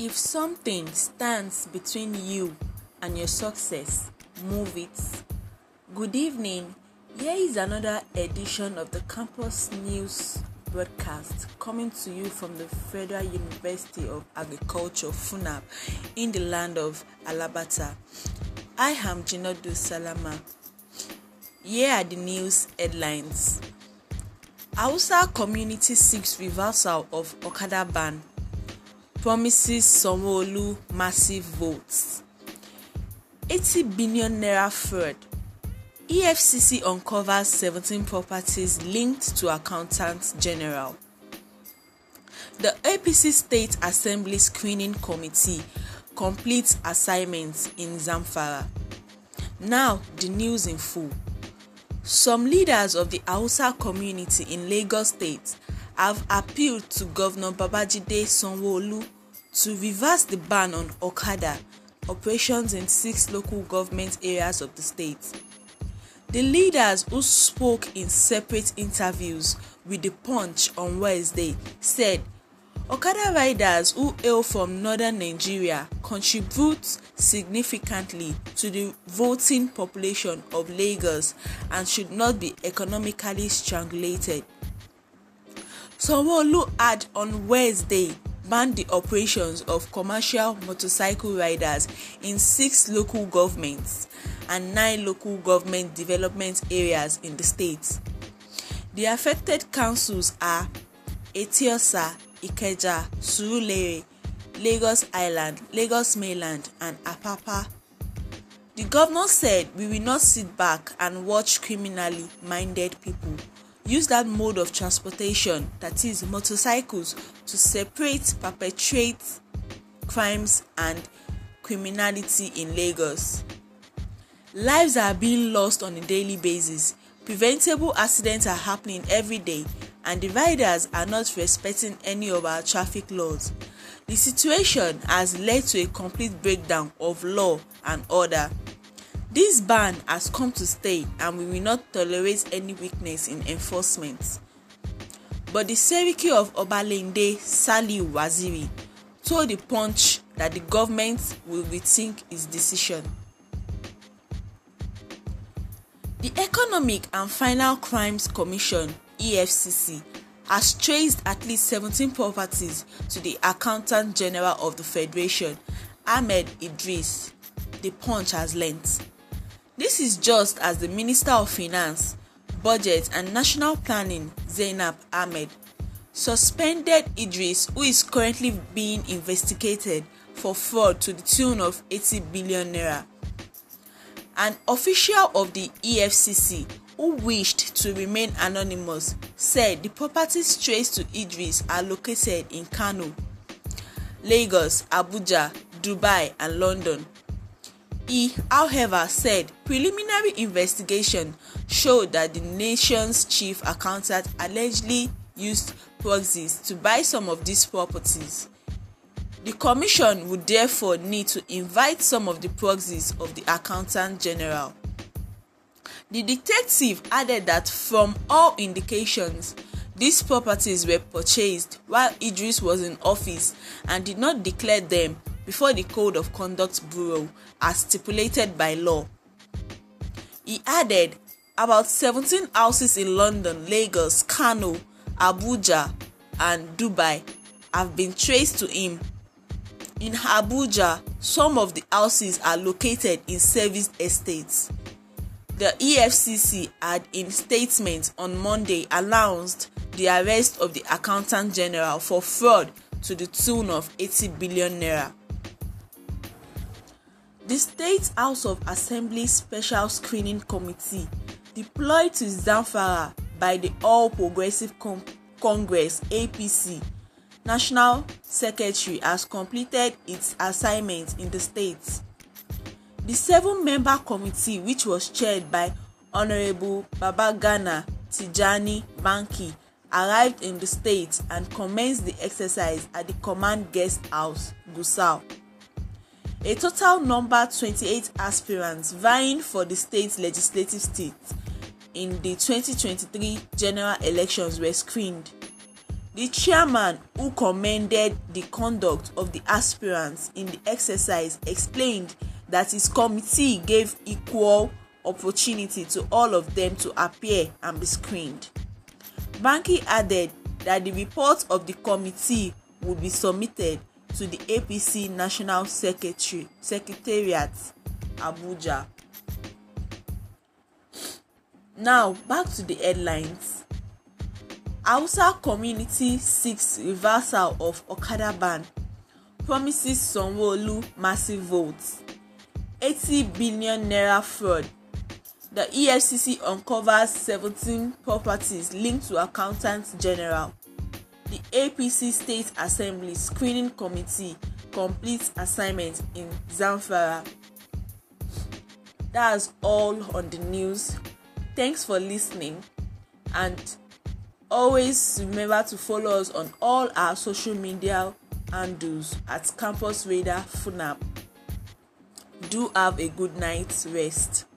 If something stands between you and your success, move it. Good evening. Here is another edition of the Campus News broadcast coming to you from the Federal University of Agriculture, FUNAB, in the land of Alabata. I am Jinodu Salama. Here are the news headlines. Hausa community seeks reversal of Okada ban promises sanwo massive votes. 80 billion naira fraud. EFCC uncovers 17 properties linked to Accountant General. The APC State Assembly Screening Committee completes assignments in Zamfara. Now, the news in full. Some leaders of the Hausa community in Lagos State have appealed to Governor Babajide Sanwo-Olu to reverse the ban on Okada operations in six local government areas of the state. The leaders who spoke in separate interviews with The Punch on Wednesday said Okada riders who hail from northern Nigeria contribute significantly to the voting population of Lagos and should not be economically strangulated. Sanwo-Olu had on Wednesday banned the operations of commercial motorcycle riders in six local governments and nine local government development areas in the state. The affected councils are Etiosa, Ikeja, Surulere, Lagos Island, Lagos Mainland, and Apapa. The governor said, We will not sit back and watch criminally minded people use that mode of transportation, that is, motorcycles, to separate perpetrate crimes and criminality in Lagos. Lives are being lost on a daily basis. Preventable accidents are happening every day, and the riders are not respecting any of our traffic laws. The situation has led to a complete breakdown of law and order. This ban has come to stay and we will not tolerate any weakness in enforcement. But the Seriki of Obalende, Saliu Waziri, told the Punch that the government will rethink its decision. The Economic and Final Crimes Commission EFCC has traced at least 17 properties to the Accountant General of the Federation, Ahmed Idris. The Punch has learnt. This is just as the Minister of Finance, Budget and National Planning, Zainab Ahmed, suspended Idris, who is currently being investigated for fraud to the tune of 80 billion naira. An official of the EFCC who wished to remain anonymous said the properties traced to Idris are located in Kano, Lagos, Abuja, Dubai, and London. He, however, said preliminary investigation showed that the nation's chief accountant allegedly used proxies to buy some of these properties. The commission would therefore need to invite some of the proxies of the accountant general. The detective added that from all indications, these properties were purchased while Idris was in office and did not declare them before the Code of Conduct Bureau as stipulated by law. He added, about 17 houses in London, Lagos, Kano, Abuja, and Dubai have been traced to him. In Abuja, some of the houses are located in service estates. The EFCC had in statement on Monday announced the arrest of the accountant general for fraud to the tune of 80 billion naira. The State House of Assembly Special Screening Committee, deployed to Zamfara by the All Progressive Com- Congress APC, National Secretary has completed its assignment in the state. The seven member committee, which was chaired by Honorable Babagana Tijani Banki, arrived in the state and commenced the exercise at the command guest house, Gusau a total number 28 aspirants vying for the state legislative seat in the 2023 general elections were screened. The chairman, who commended the conduct of the aspirants in the exercise, explained that his committee gave equal opportunity to all of them to appear and be screened. Banky added that the report of the committee would be submitted to the APC National Secretary, Secretariat, Abuja. Now, back to the headlines. Hausa community seeks reversal of Okada ban, promises Sanwo-Olu massive votes. 80 billion naira fraud. The EFCC uncovers 17 properties linked to accountant general. The APC State Assembly Screening Committee completes assignment in Zamfara. That's all on the news. Thanks for listening and always remember to follow us on all our social media handles at Campus Radar FUNAP. Do have a good night's rest.